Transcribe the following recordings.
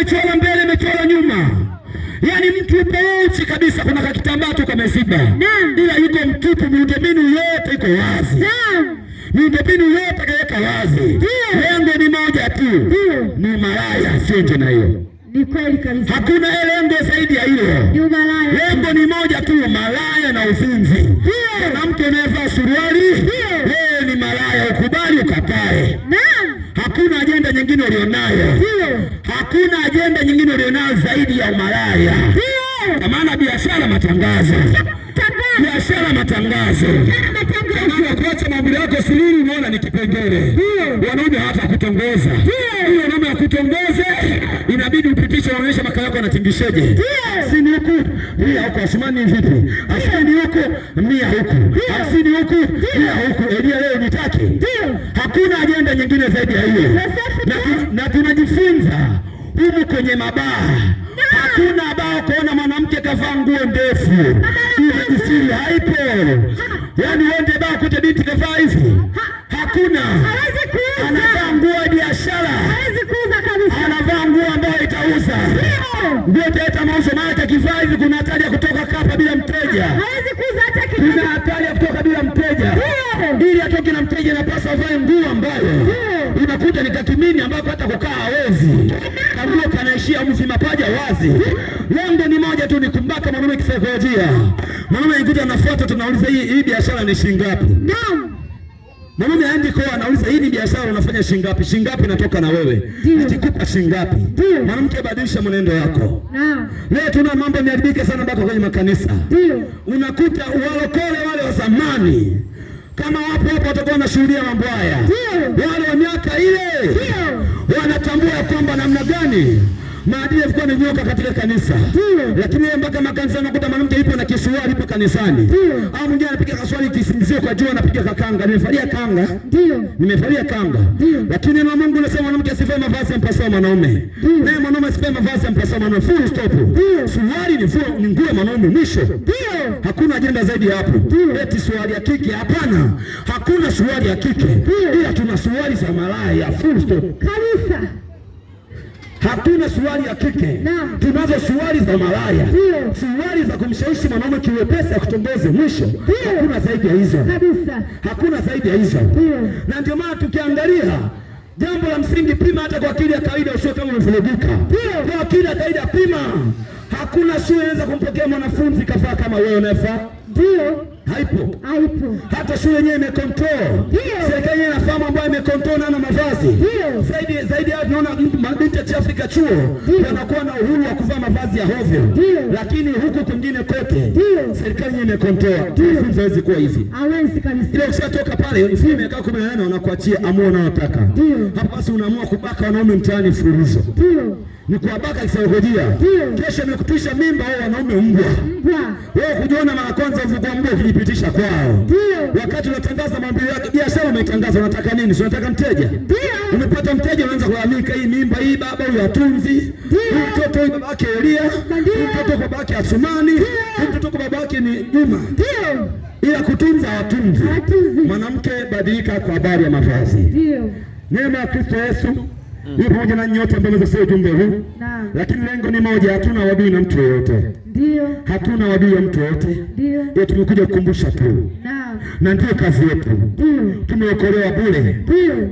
imechora mbele, imechora nyuma, yaani mtu upochi kabisa. Kuna kakitambaa tu kameziba, ila yuko mtupu, miundombinu yote iko wazi miundombinu yote kaweka wazi. Lengo ni moja tu, ni malaya sienje na hiyo ni kweli kabisa. Hakuna lengo zaidi ya hilo, lengo ni moja tu, malaya na uzinzi. mtu anayevaa suruali yeye ni malaya, ukubali ukatae. Naam hakuna ajenda nyingine ulionayo, hakuna ajenda nyingine ulionayo zaidi ya umalaya, kwa maana biashara, matangazo biashara, matangazo. Kuacha mahubiri yako sululu, unaona ni kipengele. Wanaume hawatakutongoza hiyo, wanaume wakutongoze, inabidi upitishe, waonyeshe makao yako yanatingisheje. Sini huku mia huku, asimani vipi, asini huku mia huku, asini huku mia huku. Elia leo nitake, hakuna ajenda nyingine zaidi ya hiyo, na tunajifunza humu kwenye mabaa. Hakuna baa kuona mwanamke kavaa nguo ndefu Kisiri haipo, yaani wende baa kuja binti kavaa hivi hakuna, anavaa nguo ya biashara, anavaa nguo ambayo itauza nguo italeta mauzo, maana akivaa hivi kuna hatari ya kutoka kapa bila mteja, kuna hatari ya kutoka bila mteja ili atoke na mteja, napasa avae nguo ambayo inakuja ni kakimini, ambapo hata kukaa hawezi, kaguo kanaishia mzi, mapaja wazi. Lengo ni moja tu, ni kumbaka mwanaume kisaikolojia. Mwanaume anakuta anafuata, tunauliza hii hii biashara ni shilingi ngapi? Naam. Mwanaume aendi kwa anauliza hii ni biashara unafanya shilingi ngapi shilingi ngapi natoka na wewe? shilingi ngapi Mwanamke badilisha mwenendo wako. Naam. Leo tuna mambo yameharibika sana mpaka kwenye makanisa. Ndio. Unakuta walokole wale wa zamani kama wapo hapo watakuwa wanashuhudia mambo haya, wale wa miaka ile wanatambua kwamba namna gani maadili yalikuwa ni katika kanisa, lakini yeye mpaka makanisa anakuta mwanamke yupo na kisuruali ipo kanisani, au mwingine anapiga kaswali kisingizio kwa jua, anapiga kakanga, nimefalia kanga, ndio nimefalia kanga. Lakini na Mungu anasema mwanamke asivae mavazi mpasao mwanaume, naye mwanaume asivae mavazi mpasao mwanaume, full stop. Suruali ni full, ni nguo mwanaume, mwisho. Ndio, hakuna ajenda zaidi hapo, eti suruali ya kike. Hapana, hakuna suruali ya kike, ila tuna suruali za malaya, full stop kanisa Hatuna suruali ya kike, tunazo suruali za malaya, suruali za kumshawishi mwanaume kiwepesi akutongoze. Mwisho hakuna zaidi ya hizo kabisa, hakuna zaidi ya hizo. Na ndio maana tukiangalia jambo la msingi, pima hata kwa akili ya kawaida, usio kama umevuruguka. Kwa akili ya kawaida pima. Hakuna shule inaweza kumpokea mwanafunzi kafaa kama wewe unafaa, ndio haipo, haipo. Hata shule yenyewe imekontrol, serikali inafahamu ambayo imekontrol nana mavazi zaidi zaidi. Hapo tunaona mabinti ya Afrika chuo wanakuwa na uhuru wa kuvaa mavazi ya hovyo, lakini huku kwingine kote serikali yenyewe imekontrol. Mfunzo hawezi kuwa hivi, hawezi kabisa. Ile ukishatoka pale ifike miaka 18 wanakuachia amua unaotaka. Hapo basi unaamua kubaka wanaume mtaani furuzo, ndio ni baka kisaikolojia. Kesho imekupisha mimba wao wanaume mbwa. Wewe kujiona mara kwanza uvugua mbwa ukijipitisha kwao. Wakati unatangaza mambo yako biashara umetangaza unataka nini? Si unataka mteja. Umepata mteja unaanza kulalamika hii mimba hii baba huyu atunzi. Mtoto huyu babake Elia, mtoto kwa babake Asumani, mtoto kwa babake ni Juma. Ila kutunza atunzi. Mwanamke badilika kwa habari ya mavazi. Neema ya Kristo Yesu ni pamoja na nyote ambao mmesikia ujumbe huu, lakini lengo ni moja, hatuna wadui na mtu yeyote. Ndio, hatuna wadui na mtu yeyote. Ndio, tumekuja kukumbusha tu, na ndio kazi yetu. Tumeokolewa bure.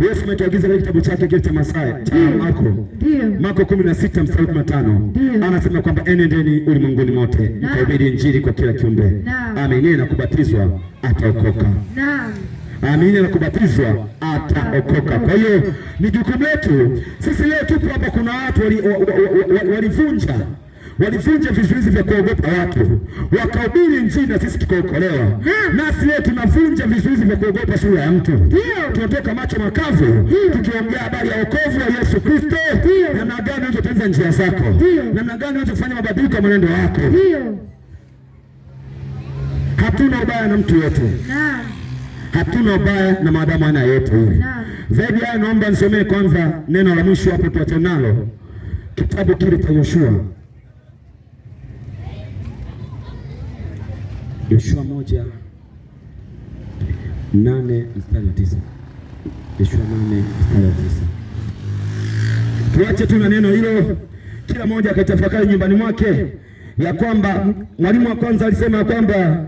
Yesu ametuagiza katika kitabu chake kile cha Mathayo cha Marko, Marko 16 mstari anasema kwamba enendeni ulimwenguni mote mkahubiri Injili kwa kila kiumbe, aminie na kubatizwa ataokoka. Naam aamini na kubatizwa ataokoka. Kwa hiyo ni jukumu letu sisi. Leo tupo hapa, kuna watu walivunja walivunja vizuizi vya kuogopa watu, wakahubiri Injili na sisi tukaokolewa. Nasi leo tunavunja vizuizi vya kuogopa sura ya mtu, tunatoka macho makavu tukiongea habari ya wokovu wa Yesu Kristo. Namna gani unazotenza njia zako? Namna gani unazofanya mabadiliko ya mwenendo wako? Hatuna ubaya na mtu yote hatuna ubaya na maadamu ana yetu hili. Zaidi ya naomba nisomee kwanza neno la mwisho hapo tuache nalo kitabu kile cha Yoshua, Yoshua moja nane mstari wa tisa. Yoshua nane mstari wa tisa. Tuache tu na neno hilo, kila mmoja akatafakari nyumbani mwake ya kwamba mwalimu wa kwanza alisema ya kwamba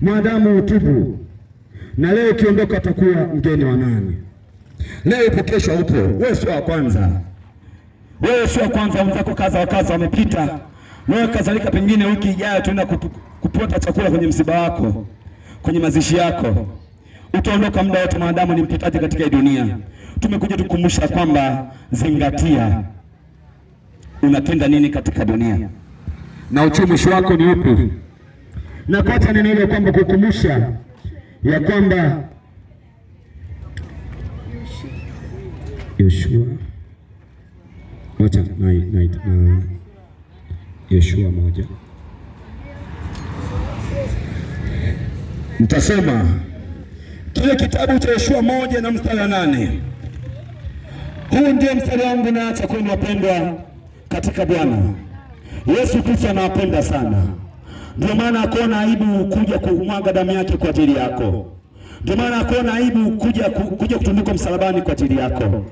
mwanadamu utubu na leo ukiondoka atakuwa mgeni wa nani? Leo ipo, kesho upo. Wewe sio wa kwanza, wewe sio wa kwanza. Wenzako kaza wa kaza wamepita, wewe kadhalika. Pengine wiki ijayo tuenda kupota chakula kwenye msiba wako, kwenye mazishi yako, utaondoka muda wote. Mwanadamu ni mpitaji katika hii dunia. Tumekuja tukumbusha kwamba zingatia unatenda nini katika dunia na uchumishi wako ni upi, na pata neno hilo kwamba kukumbusha ya kwamba Yoshua wacha na, na, na Yoshua moja mtasoma kile kitabu cha Yoshua moja na mstari wa nane. Huu ndio mstari wangu naacha kwenu wapendwa katika Bwana Yesu Kristo, anawapenda sana. Ndio maana akuona aibu kuja kumwaga damu yake kwa ajili yako. Ndio maana akuona aibu kuja kuja kutundikwa msalabani kwa ajili yako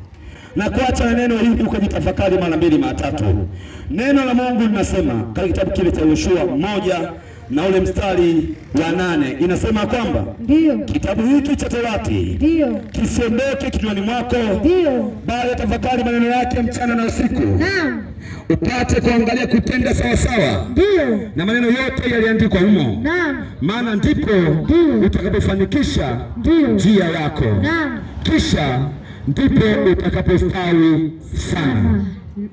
na kuacha neno hili ukajitafakari mara mbili mara tatu. Neno la Mungu linasema katika kitabu kile cha Yoshua moja na ule mstari wa nane inasema kwamba ndio kitabu hiki cha Torati ndio kisiondoke kinywani mwako, ndio bali tafakari maneno yake mchana na usiku, naam upate kuangalia kutenda sawasawa ndio na maneno yote yaliandikwa humo, naam maana ndipo utakapofanikisha njia yako, naam kisha ndipo utakapostawi sana.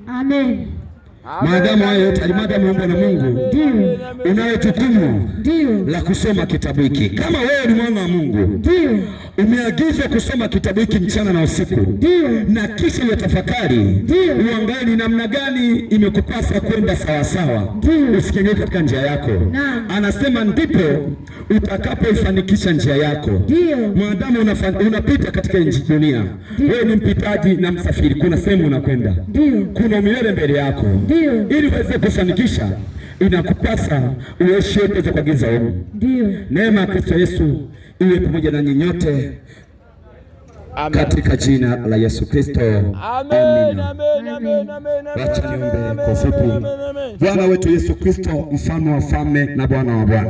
Amen. Maadamu hayo yote alimaadamu na Mungu, unayo jukumu la kusoma kitabu hiki. Kama wewe ni mwana wa Mungu, ndio umeagizwa kusoma kitabu hiki mchana na usiku, ndio, na kisha uyatafakari, ndio uangalie namna gani imekupasa kwenda sawasawa, usikengee katika njia yako na. Anasema ndipo utakapoifanikisha njia yako. Mwanadamu unapita katika nchi dunia, wewe ni mpitaji na msafiri. Kuna sehemu unakwenda, kuna milele mbele yako, ili uweze kufanikisha inakupasa uishi yote kwa giza Ndio. Neema ya Kristo Yesu iwe pamoja na nyinyote katika jina la Yesu Kristo, amina. Wacha niombe kwa ufupi. Bwana wetu Yesu Kristo, mfalme wa falme na Bwana wa bwana